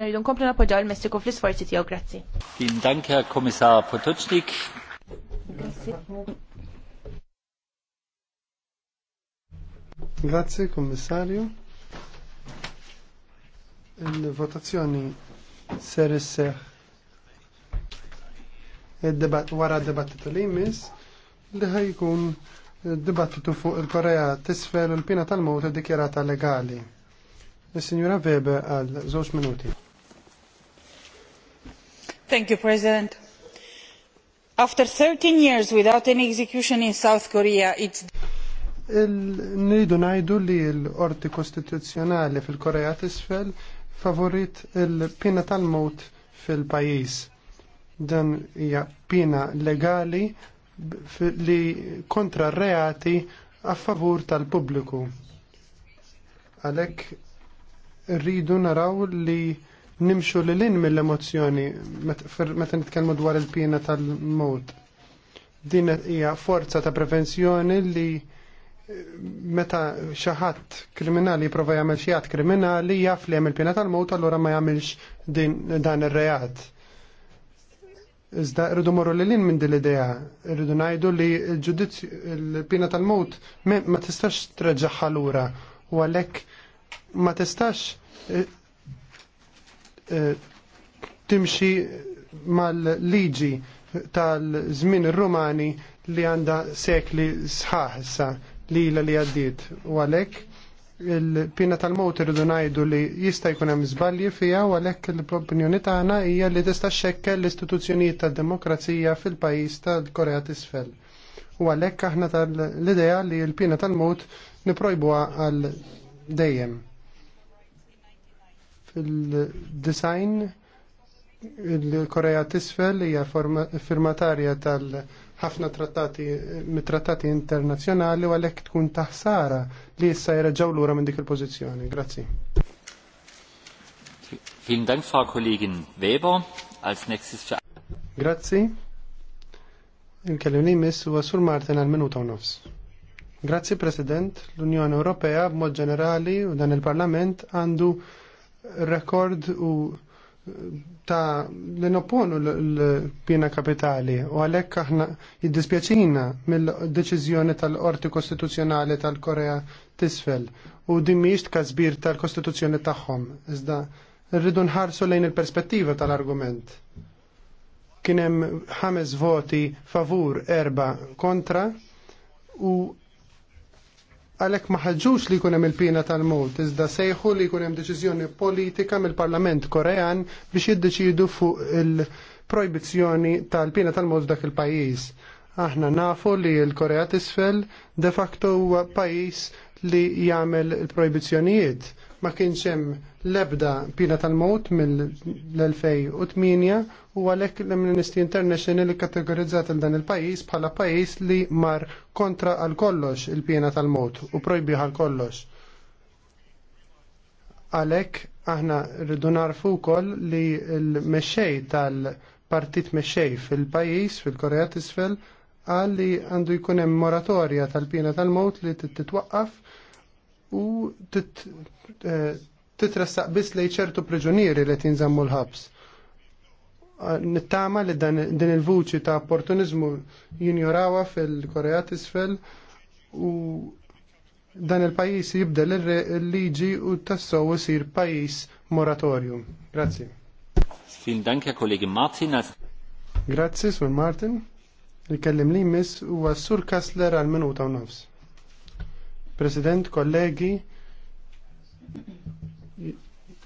Grazie, nkomplu nappoġġaw il-Messiku fl-isforzi tiegħu, grazzi. Vielen Dank, Herr Potocznik. Grazzi. Il-votazzjoni ser isseħ wara d-debattitu li jmiss li ħajkun fuq il-Korea tisfel pina tal mota dikjarata legali. Il-Sinjura Weber għal żewġ minuti mr President. After thirteen years without any execution in South Korea, it's Nidu ngħidu li l qorti kostituzzjonali fil-Korea tisfel favorit il pena tal-mot fil pajjiż Dan hija pena legali li kontra reati a favur tal-pubbliku. Għalhekk rridu naraw li nimxu li lin mill-emozjoni meta nitkellmu dwar il-pina tal-mod. Din hija forza ta' prevenzjoni li eh, meta xi ħadd kriminali jiprofa jagħmel xi kriminali jaf li hemm il-pina tal-mowt allura ma jagħmilx din dan ir-reat. Iżda rridu morru li lin minn din l-idea, rridu ngħidu li l-ġudizzju il-pina tal-mowt ma tistax treġaħħa lura u għalhekk ma tistax eh, Eh, timxi mal-liġi tal-żmien romani rumani li għandha sekli sħaħ issa li li għaddiet u għalhekk il-pina tal-mot irridu ngħidu li jista' jkun hemm żbalji fiha u għalhekk l-opinjoni tagħna hija li tista' xekkel l-istituzzjonijiet tad-demokrazija fil-pajjiż tal-Korea t'isfel. U għalhekk aħna l-idea li l-pina tal-mot niprojbuha għal dejjem il design il-Korea tisfel hija firmatarja tal-ħafna trattati mit-trattati internazzjonali u għalhekk tkun taħsara li issa ġew lura minn dik il-pożizzjoni. Grazzi. Vielen Dank, Frau Kollegin Weber. Als nächstes für... Grazzi. Il-kellimni miss u Sur Martin għal minuta u nofs. Grazzi President, l-Unjoni Ewropea b'mod ġenerali u dan il-Parlament għandu rekord u ta' l nopponu l-pina kapitali u għalek aħna jiddispjaċina mill-deċizjoni tal-Qorti Kostituzzjonali tal-Korea tisfel u dimmiġt kazbir tal-Kostituzzjoni tagħhom. Iżda rridu nħarsu lejn il-perspettiva tal-argument. Kienem ħames voti favur erba kontra u għalek maħħġux li kunem il-pina tal-mod, iżda sejħu li kunem deċizjoni politika mill-Parlament Korean biex jiddeċidu fuq il-projbizjoni tal-pina tal-mod dak il-pajis. Aħna nafu li l-Korea tisfel de facto huwa pajis li jagħmel il-projbizjonijiet ma kienx hemm l-ebda pina tal-mowt mill-2008 u għalhekk l-Amnesty International kategorizzat il dan il-pajjiż bħala pajjiż li mar kontra għal kollox il-pina tal-mowt u projbi għal kollox. Għalhekk aħna rridu narfu wkoll li l-mexxej tal-partit mexxej fil-pajjiż fil-Korea t'isfel qal li għandu jkun hemm moratorja tal-pina tal-mowt li titwaqqaf u eh, titressaq biss lejn ċertu priġunieri li tinżammu l-ħabs. Nittama li din il-vuċi ta' opportunizmu jinjorawa fil-Korea t-isfel u dan il-pajis jibdel il-liġi u tassow isir pajis moratorium. Grazzi. Fin Dank, kollegi Martin. Grazzi, Sur Martin. Nikellim kellim li jmiss u għassur kasler għal-minuta u nofs. President, kollegi,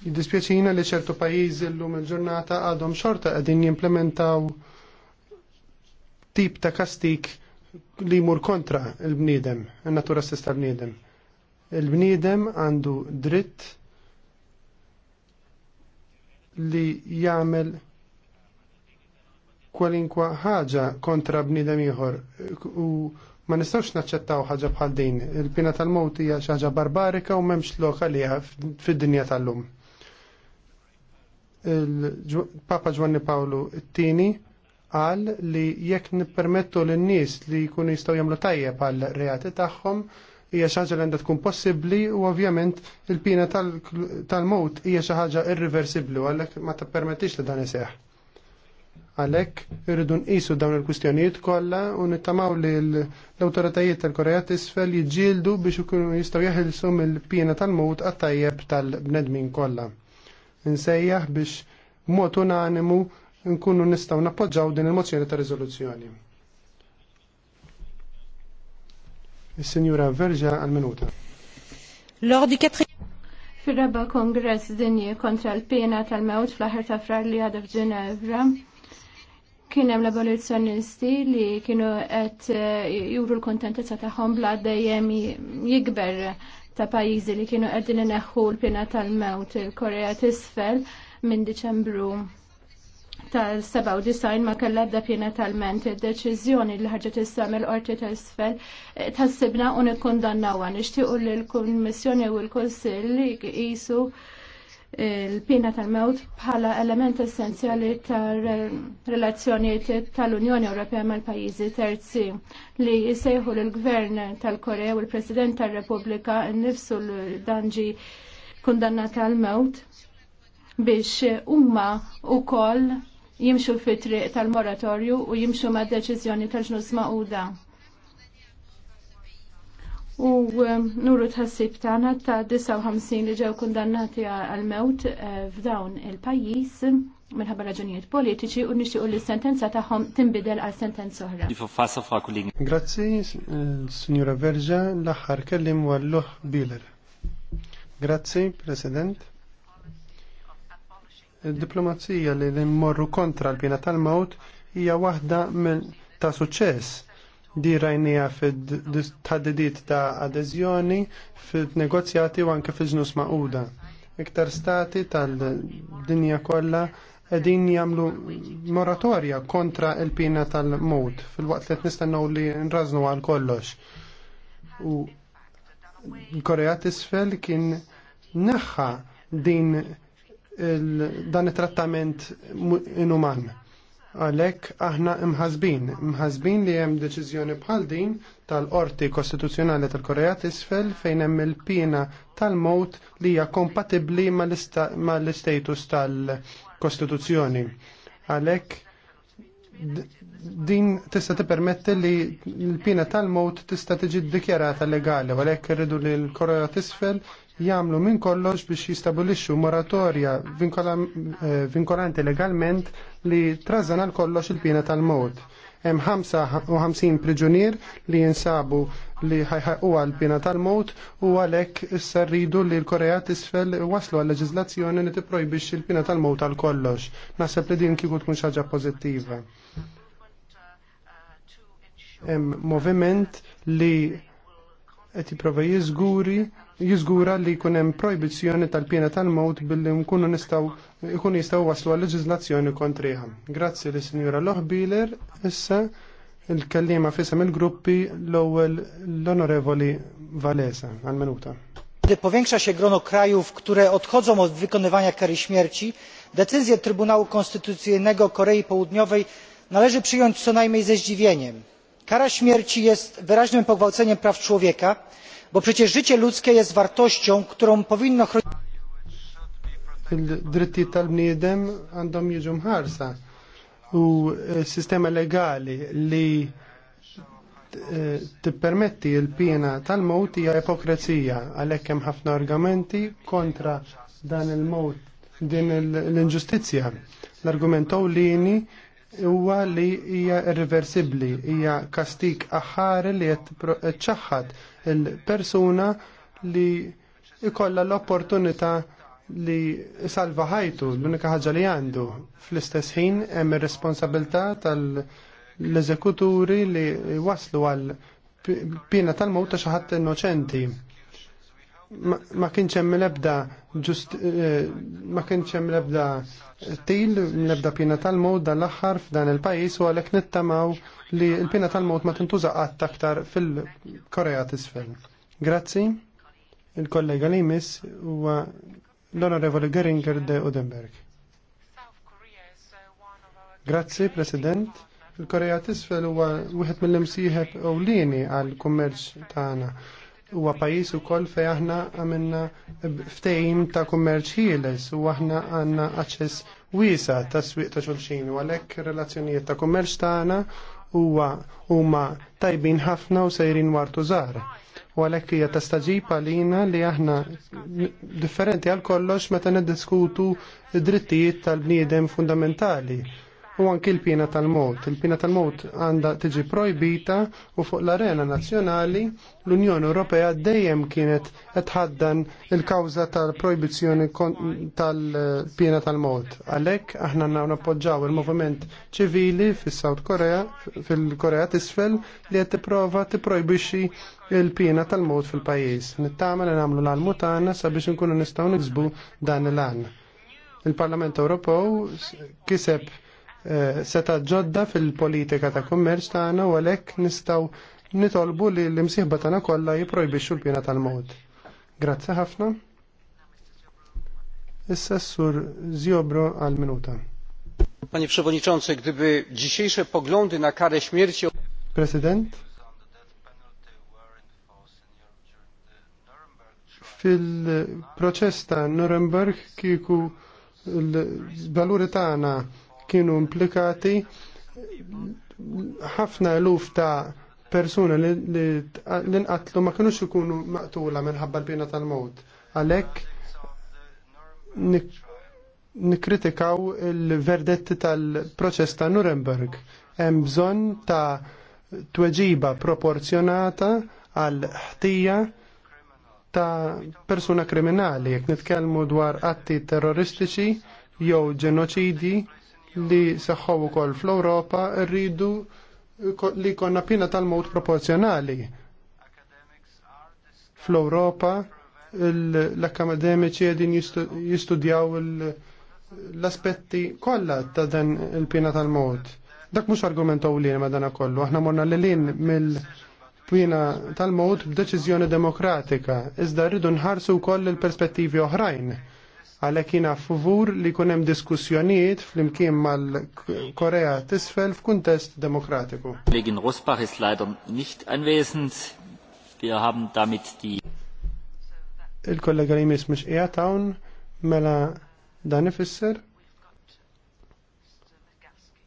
jiddispieċina li ċertu pajjiżi llum il-ġurnata għadhom xorta qegħdin jimplementaw tip ta' kastik li jmur kontra il-bniedem, il-natura stess tal Il-bniedem għandu dritt li jagħmel kwalinkwa ħaġa kontra bniedem ieħor u Ma nistgħux naċċettaw ħaġa bħal din. Il-pina tal-mowt hija xi ħaġa barbarika u m'hemmx loka liha fid-dinja tal-lum. Il-Papa Ġwanni Pawlu it-tieni qal li jekk nippermettu lin-nies li jkunu jistgħu jagħmlu tajjeb għal reati tagħhom hija xi ħaġa li għandha tkun possibbli u ovvjament il-pina tal-mowt hija xi ħaġa irriversibbli għalhekk ma tippermettix li dan iseħħ. Għalhekk irridu nqisu dawn il-kwistjonijiet kollha u nittamaw li l-awtoritajiet tal-Korea t'isfel jiġġieldu biex ikunu jistgħu jeħilsu mill-pjena tal-mut għat-tajjeb tal-bnedmin kollha. Insejjaħ biex mod unanimu nkunu nistgħu nappoġġaw din il-mozzjoni ta' riżoluzzjoni. Is-Sinjura Verġa għal-minuta. Lordi Katrin. Fil-raba kongress dinji kontra l-pena tal-mewt fl-aħħar ta' frar li għadha f'Ġenevra, Kien hemm l-abolizzjonisti li kienu qed eh, juru l-kontentezza tagħhom bla dejjem jikber ta' pajjiżi li kienu qegħdin ineħħu l-pjena tal-mewt il-Korea t'isfel minn Diċembru tal-97 ma kellha da pjena tal-ment id-deċiżjoni li ħarġet issam il qorti t isfel eh, tassibna u nikkundannawha nixtiequ li l-Kummissjoni u l-Kunsill jisu il-pina tal-mewt bħala element essenzjali tal-relazzjonijiet tal-Unjoni Ewropea mal-pajjiżi terzi li jsejħu l-Gvern tal-Korea u l-President tal-Repubblika nnifsu l-danġi kundannata tal-mewt biex umma u koll jimxu fitri tal-moratorju u jimxu ma' deċiżjoni tal-ġnus ma' u ehm, nuru tħassib tagħna ta' 59 li ġew kundannati għal mewt eh, f'dawn il-pajjiż minħabba raġunijiet politiċi u nixtiequ li sentenza tagħhom tinbidel għal sentenza oħra. Grazzi, eh, Signora Verġa, l-aħħar kellim għall-Luħ Biler. Grazzi, President. Il-diplomazija li nimmorru kontra l bina tal mewt hija waħda ta' suċċess di rajnija fil taddidit ta' adezjoni fil-negozjati u anke fil-ġnus ma'uda. Iktar stati tal-dinja kollha edin jamlu moratorja kontra il-pina tal-mod fil-waqt li nistennu li nraznu għal kollox. U Korea tisfel kien neħħa din dan it-trattament inuman. Għalhekk aħna imħazbin, imħazbin li hemm deċiżjoni bħal din tal-Qorti Kostituzzjonali tal-Korea t'isfel fejn hemm il-pina tal-mowt li hija kompatibbli mal-istatus tal-Kostituzzjoni. Għalhekk din tista' tippermetti li l-pina tal-mowt tista' tiġi ddikjarata legali, għalhekk irridu li l-Korea t'isfel jagħmlu minn kollox biex jistabilixxu moratorja eh, vinkolanti legalment li trażana l-kollox il-pina tal-mod. Hemm 55 priġunier li jinsabu li ħajħaqu għall pina tal-mod u għalhekk issa rridu li l-Korea tisfel waslu għal leġiżlazzjoni li tipprojbix il-pina tal-mod għal kollox. Naħseb li din kieku tkun xi ħaġa pożittiva hemm moviment li qed jipprova jiżguri jizgura li jkun hemm tal-pjena tal-mowt billi mkunu nistaw, jkun jistaw waslu għal leġizlazzjoni kontriħa. Grazzi li Sinjura Loħbiler, issa il-kellima fissam il-gruppi l ewel l-Onorevoli Valesa għal menuta Gdy powiększa się grono krajów, które odchodzą od wykonywania kary śmierci, decyzję Trybunału Konstytucyjnego Korei Południowej należy przyjąć co najmniej ze zdziwieniem. Kara śmierci jest wyraźnym pogwałceniem praw człowieka bo przecież życie ludzkie jest wartością, którą powinno chronić. Il-drittijiet tal-bniedem għandhom jiġu mħarsa u e, sistema legali li e, t-permetti il pjena tal mot hija ipokrezija għalhekk hemm ħafna argumenti kontra dan il mot din l-inġustizzja. L-argument ewlieni huwa li hija irreversibbli, hija kastik aħħar li qed ċaħħad il-persuna li ikolla l-opportunità li salva ħajtu, l-unika ħaġa li għandu. Fl-istess ħin hemm ir-responsabilità tal-eżekuturi li waslu għal pina tal-mowt ta' xi ħadd innoċenti ma kienx hemm l-ebda ġust eh, ma kienx hemm l-ebda til l-ebda pina tal-mod dan l-aħħar f'dan il-pajjiż u għalhekk nittamaw li l-pina tal-mod ma tintuża qatt aktar fil-Korea t'isfel. Grazzi. Il-kollega li jmiss huwa l-Onorevoli Geringer de Udenberg. Grazzi, President. Il-Korea t'isfel huwa wieħed mill-imsieħeb ewlieni għall-kummerċ tagħna. Ta huwa pajjiż ukoll fejn aħna għamilna ftejim ta' kummerċ ħieles u aħna għandna aċċess wiesa ta' swieq ta' xulxin u għalhekk relazzjonijiet ta' kummerċ tagħna huwa huma tajbin ħafna u sejrin wartu żgħar. U għalhekk hija ta' staġib għalina li aħna differenti għal kollox meta niddiskutu d-drittijiet tal-bniedem fundamentali u anki l-pina tal-mot. Il-pina tal-mot għanda tiġi projbita u fuq l-arena nazjonali l-Unjoni Ewropea dejjem kienet etħaddan il-kawza tal-projbizjoni tal-pina tal-mot. Għalek aħna nappoġġaw il movement ċivili fis-South Korea, fil-Korea tisfel li qed tipprova tipprojbixxi il-pina tal-mod fil-pajis. Nittama li namlu l-almutana sabiex nkunu nistaw nizbu dan l għan Il-Parlament Ewropew kiseb Eh, seta ġodda fil-politika ta' kummerċ tagħna u għalhekk nistgħu nitolbu li l-imsieħba tagħna kollha jipprojbixxu l-pjena tal-mod. Grazzi ħafna. Issa sur Ziobro għal minuta. Panie Przewodniczący, gdyby dzisiejsze poglądy na karę śmierci... Prezydent? fil proċesta Nuremberg kiku l-valuri tagħna kienu implikati ħafna eluf ta' persuna li nqatlu ma kienux ikunu maqtula minħabba l bina tal mod Għalek nikritikaw il-verdetti tal-proċess ta' Nuremberg. Hemm bżonn ta' tweġiba proporzjonata għal ħtija ta' persuna kriminali, jekk nitkellmu dwar atti terroristiċi jew ġenoċidi li seħħaw ukoll fl-Ewropa rridu li konna pina tal-mod proporzjonali. Fl-Ewropa l-akademiċi għedin jistudjaw l-aspetti kollha ta' dan il-pina tal-mod. Dak mhux argument ewlien ma dana kollu, aħna morna lilin mill-pina tal-mod b'deċiżjoni demokratika, iżda rridu nħarsu wkoll il-perspettivi oħrajn għalek jina favur li kunem diskussjoniet diskussjonijiet flimkien mal-Korea t'isfel f'kuntest demokratiku. Kollegin Rosbach ist leider nicht anwesend. Wir haben damit die Il-kollega li jmiss mhux qiegħed hawn mela dan ifisser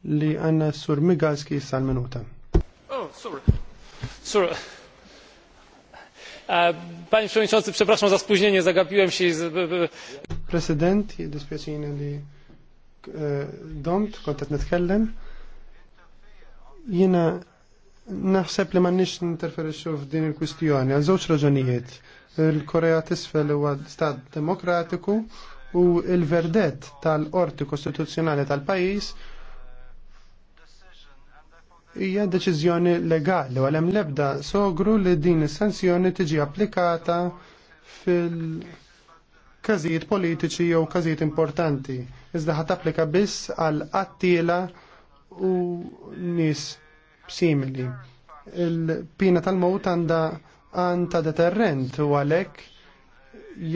li għanna sur Migalski sal-minuta. Oh, sorry. Sorry. Uh, panie Przewodniczący, przepraszam za spóźnienie, zagapiłem się. Z... President, jiddispjaċina li eh, domt, kontet netkellem. Jena naħseb li mannix ninterferixxu f'din il-kwistjoni għal żewġ raġunijiet. Il-Korea t'isfel huwa stat demokratiku u il-verdett tal-qorti kostituzzjonali tal-pajjiż hija deċiżjoni legali u għalhemm lebda sogru li din is-sanzjoni tiġi applikata fil- każijiet politiċi jew każijiet importanti. Iżda ħat applika biss għal qattila u nies simili. Il-pina tal-mowt għandha għan ta' deterrent u għalhekk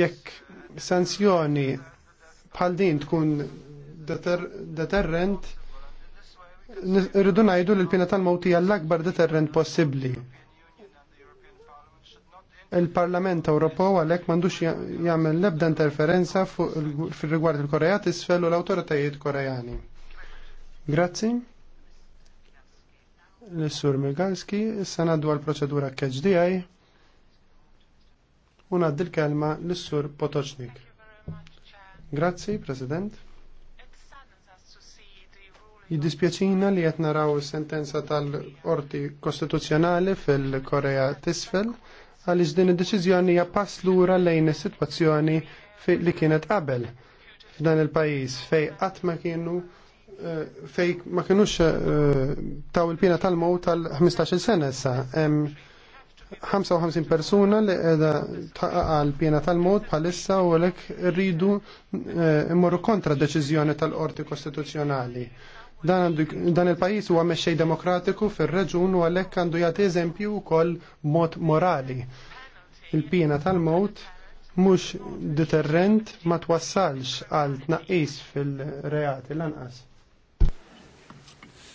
jekk sanzjoni bħal din tkun deterrent irridu ngħidu li l-pina tal-mowt hija l-akbar deterrent possibbli Il-Parlament Ewropew għalhekk m'għandux jagħmel l-ebda interferenza fir-rigward il-Korea tisfel u l-awtoritajiet Koreani. Grazzi. L-Sur Migalski, issa ngħaddu għall-proċedura KHDI u ngħaddi l-kelma l-Sur Potocznik. Grazzi, President. Jiddispjaċina li qed naraw sentenza tal-Qorti Kostituzzjonali fil-Korea t'isfel għaliex din id-deċiżjoni hija pass lura lejn is-sitwazzjoni li kienet qabel f'dan il-pajjiż fej qatt ma kienu eh, fej ma kienux eh, taw il-pina tal-mowt tal-15 sena issa. 55 persuna li edha taqqa l-pjena tal-mod bħalissa u għalek rridu eh, imorru kontra deċizjoni tal-qorti kostituzjonali. Dan il-pajis huwa mexxej demokratiku fir-reġun u għalhekk għandu jagħti eżempju wkoll mod morali. Il-pina tal mod mhux deterrent ma twassalx għal tnaqqis fil-reati lanqas.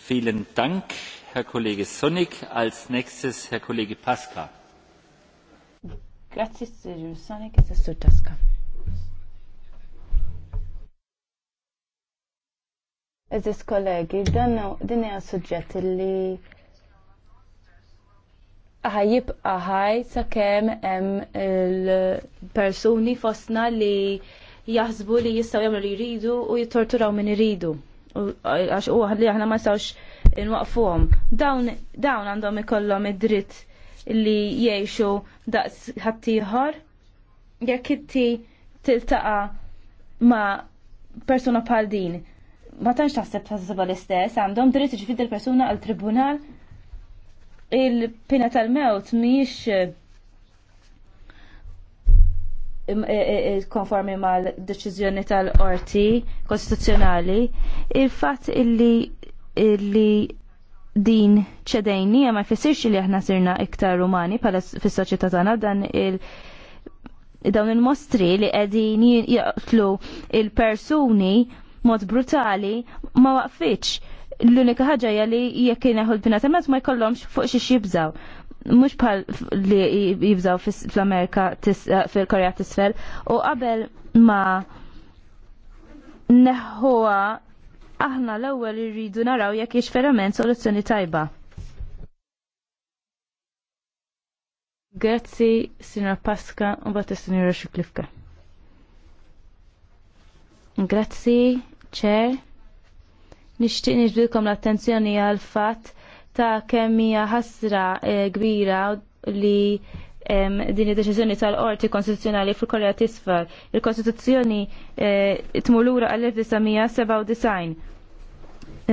Vielen Dank, Herr Kollege Sonik. Als nächstes Herr Kollege Pasca. Grazie, Sonic Sonik, Sir Taska. Eżis kollegi, dan din hija suġġett li ħajib ħaj sakemm hemm il-persuni fostna li jaħsbu li jistgħu jagħmlu li jridu u jittorturaw min iridu. Għax u li aħna ma nistgħux inwaqfuhom. Dawn dawn għandhom ikollhom id-dritt li jgħixu daqs ħaddieħor jekk inti tiltaqa' ma' persuna bħal din ma tantx taħseb taħsibha l-istess, għandhom dritt iġifid il-persuna għal tribunal il-pina tal-mewt miex e- e- e- konformi mal-deċiżjoni tal-orti kostituzzjonali, il-fatt illi illi din ċedejnija ma jfissirx li aħna sirna iktar rumani pala fis-soċjetà tagħna dan il- dawn il-mostri li qegħdin jaqtlu il-persuni mod brutali ma waqfitx. L-unika ħaġa hija li jekk jieħu l-bnatamet ma jkollhomx fuq xi jibżaw mux bħal li jibżaw fl-Amerika, eh, fil-Korea t u qabel ma neħħuwa aħna l-ewwel irridu naraw jekk jiex verament soluzzjoni tajba. Grazzi, Sinra Pasca u bat Sinra Xiklifka. Grazzi ċer. Nishtiq niġbilkom l-attenzjoni għal fatt ta' kemm hija ħasra eh, kbira li din id-deċiżjoni tal-Qorti Konstituzzjonali fil-Korea Tisfar. Il-Kostituzzjoni eh, tmur lura għal-1997.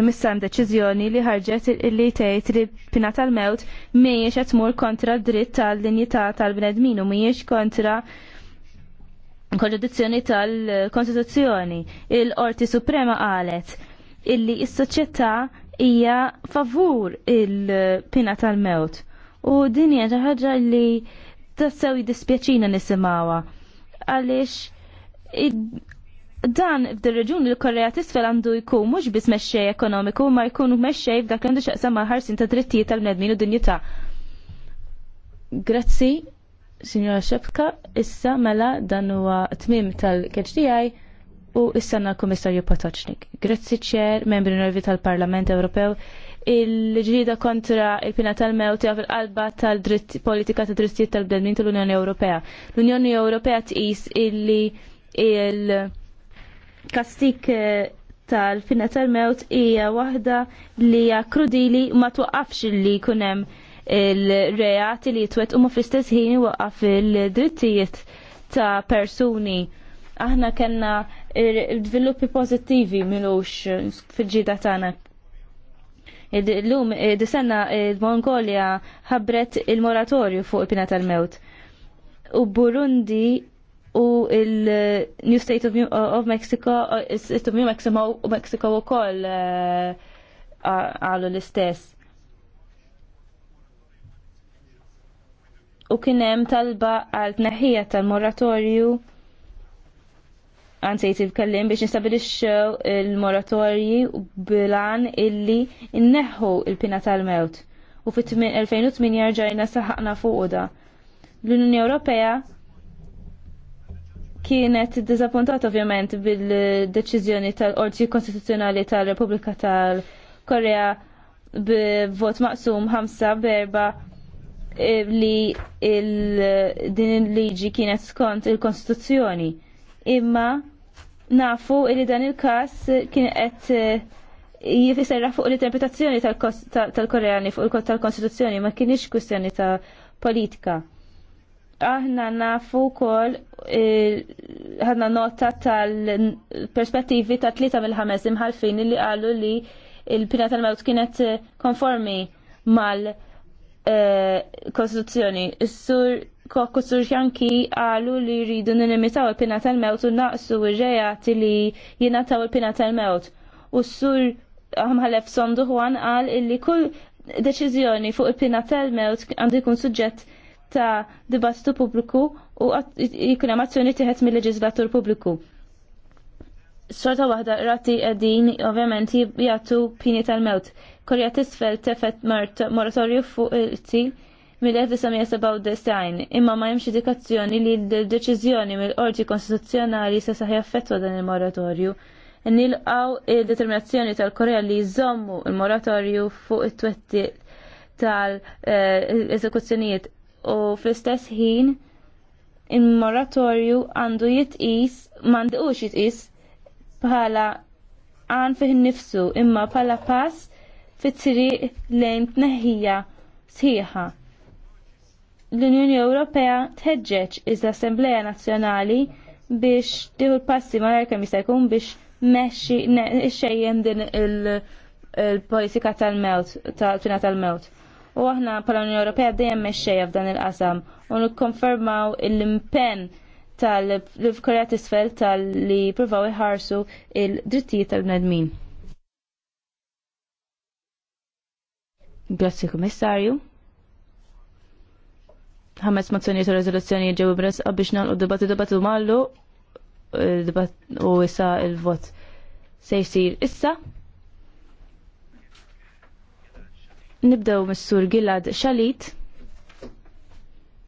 Missa deċiżjoni li ħarġet li tgħid li pina tal-mewt mhijiex qed tmur kontra d-dritt tal-dinjità tal-bnedmin u mhijiex kontra kontradizzjoni tal-Konstituzzjoni. Il-Qorti Suprema qalet illi is-soċjetà hija favur il-pina tal-mewt. U din hija xi ħaġa li tassew jiddispjaċina nisimgħuha. Għaliex dan f'dir reġun l korea tisfel għandu jkun mhux biss mexxej ekonomiku ma jkunu mexxej f'dak għandu xaqsam ma' ħarsin ta' drittijiet tal-bnedmin u dinjità. Grazzi. Signora Shepka, issa mela dan huwa tmim tal-KHDI u issa l komissarju Potocznik. Grazzi ċer, membri nervi tal-Parlament Ewropew, il-ġrida kontra il-pina tal-mewt fil-qalba tal-politika ta' drittijiet tal-bnedmin tal-Unjoni Ewropea. L-Unjoni Ewropea tqis illi il-kastik eh, tal-pina tal-mewt hija waħda li hija krudili ma twaqafx li kunem hemm il-reati li jitwet umma fl-istess ħin waqaf il-drittijiet ta' persuni. Aħna kena il-dviluppi pozittivi milux fil-ġida tagħna Lum, disenna il-Mongolia ħabret il-moratorju fuq il-pina tal-mewt. U Burundi u il-New State of, Mexico, il Mexico, State of New Mexico, u Mexico u koll eh, għalu l-istess. u kien hemm talba għal tneħħija tal-moratorju anzi jt kellim biex nistabilixxew il-moratorji bilan illi inneħħu il-pina tal-mewt u fit-2008 ġajna saħaqna fuq da. L-Unjoni Ewropea kienet dizappuntat ovvjament bil-deċiżjoni tal-Qorti Konstituzzjonali tal-Repubblika tal-Korea b'vot maqsum 5 berba Eh, li din il-liġi kienet skont il-Kostituzzjoni. Imma nafu li dan il-kas kien qed eh, jifisserra fuq l-interpretazzjoni tal-Koreani fuq tal-Konstituzzjoni ma kienx kwistjoni ta' politika. Aħna nafu kol eh, ħadna nota tal-perspettivi ta' tlieta mill-ħames imħalfin li qalu li il-pina tal-mewt kienet konformi mal- Eh, kostituzzjoni. Is-sur Kokku Sur Xanki għalu li rridu nimitaw il-pina tal-mewt u naqsu ir-rejati li jinataw il-pina tal-mewt. U s-sur ħamħalef sondu għan għal illi kull deċiżjoni fuq il-pina tal-mewt għandu jkun suġġett ta' dibattitu pubbliku u jkun hemm tiħet tieħed mill-leġislatur pubbliku sorta waħda rati għedin ovvjament jgħatu pini tal-mewt. Korja tisfel tefet moratorju fuq il ti mill-1997 imma ma jemx indikazzjoni li l-deċiżjoni mill-qorti konstituzzjonali se saħi affettwa dan il-moratorju. Nilqaw il-determinazzjoni tal-Korea li jżommu il-moratorju fuq it-twetti tal-eżekuzzjonijiet u fl-istess ħin il-moratorju għandu jitqis, mandiqux jitqis bħala għan fih nifsu imma bħala pass fit-triq lejn tneħħija sħiħa. L-Unjoni Ewropea tħeġġeġ iż-Assembleja Nazzjonali biex tieħu l-passi ma kemm jista' jkun biex mexxi xejjem din il-politika tal-mewt, tal tina tal-mewt. U aħna bħala Unjoni Ewropea dejjem mexxejja f'dan il-qasam u nikkonfermaw l-impenn il tal-Korea t-isfel tal-li provaw iħarsu il-drittijiet tal-bnedmin. Grazzi Komissarju. Ħames mozzjoni ta' rezoluzzjoni ġew imresqa biex nagħlqu dibati dibatu mallu eh, u issa il-vot se jsir issa. Nibdew mis-sur Gilad Xalit.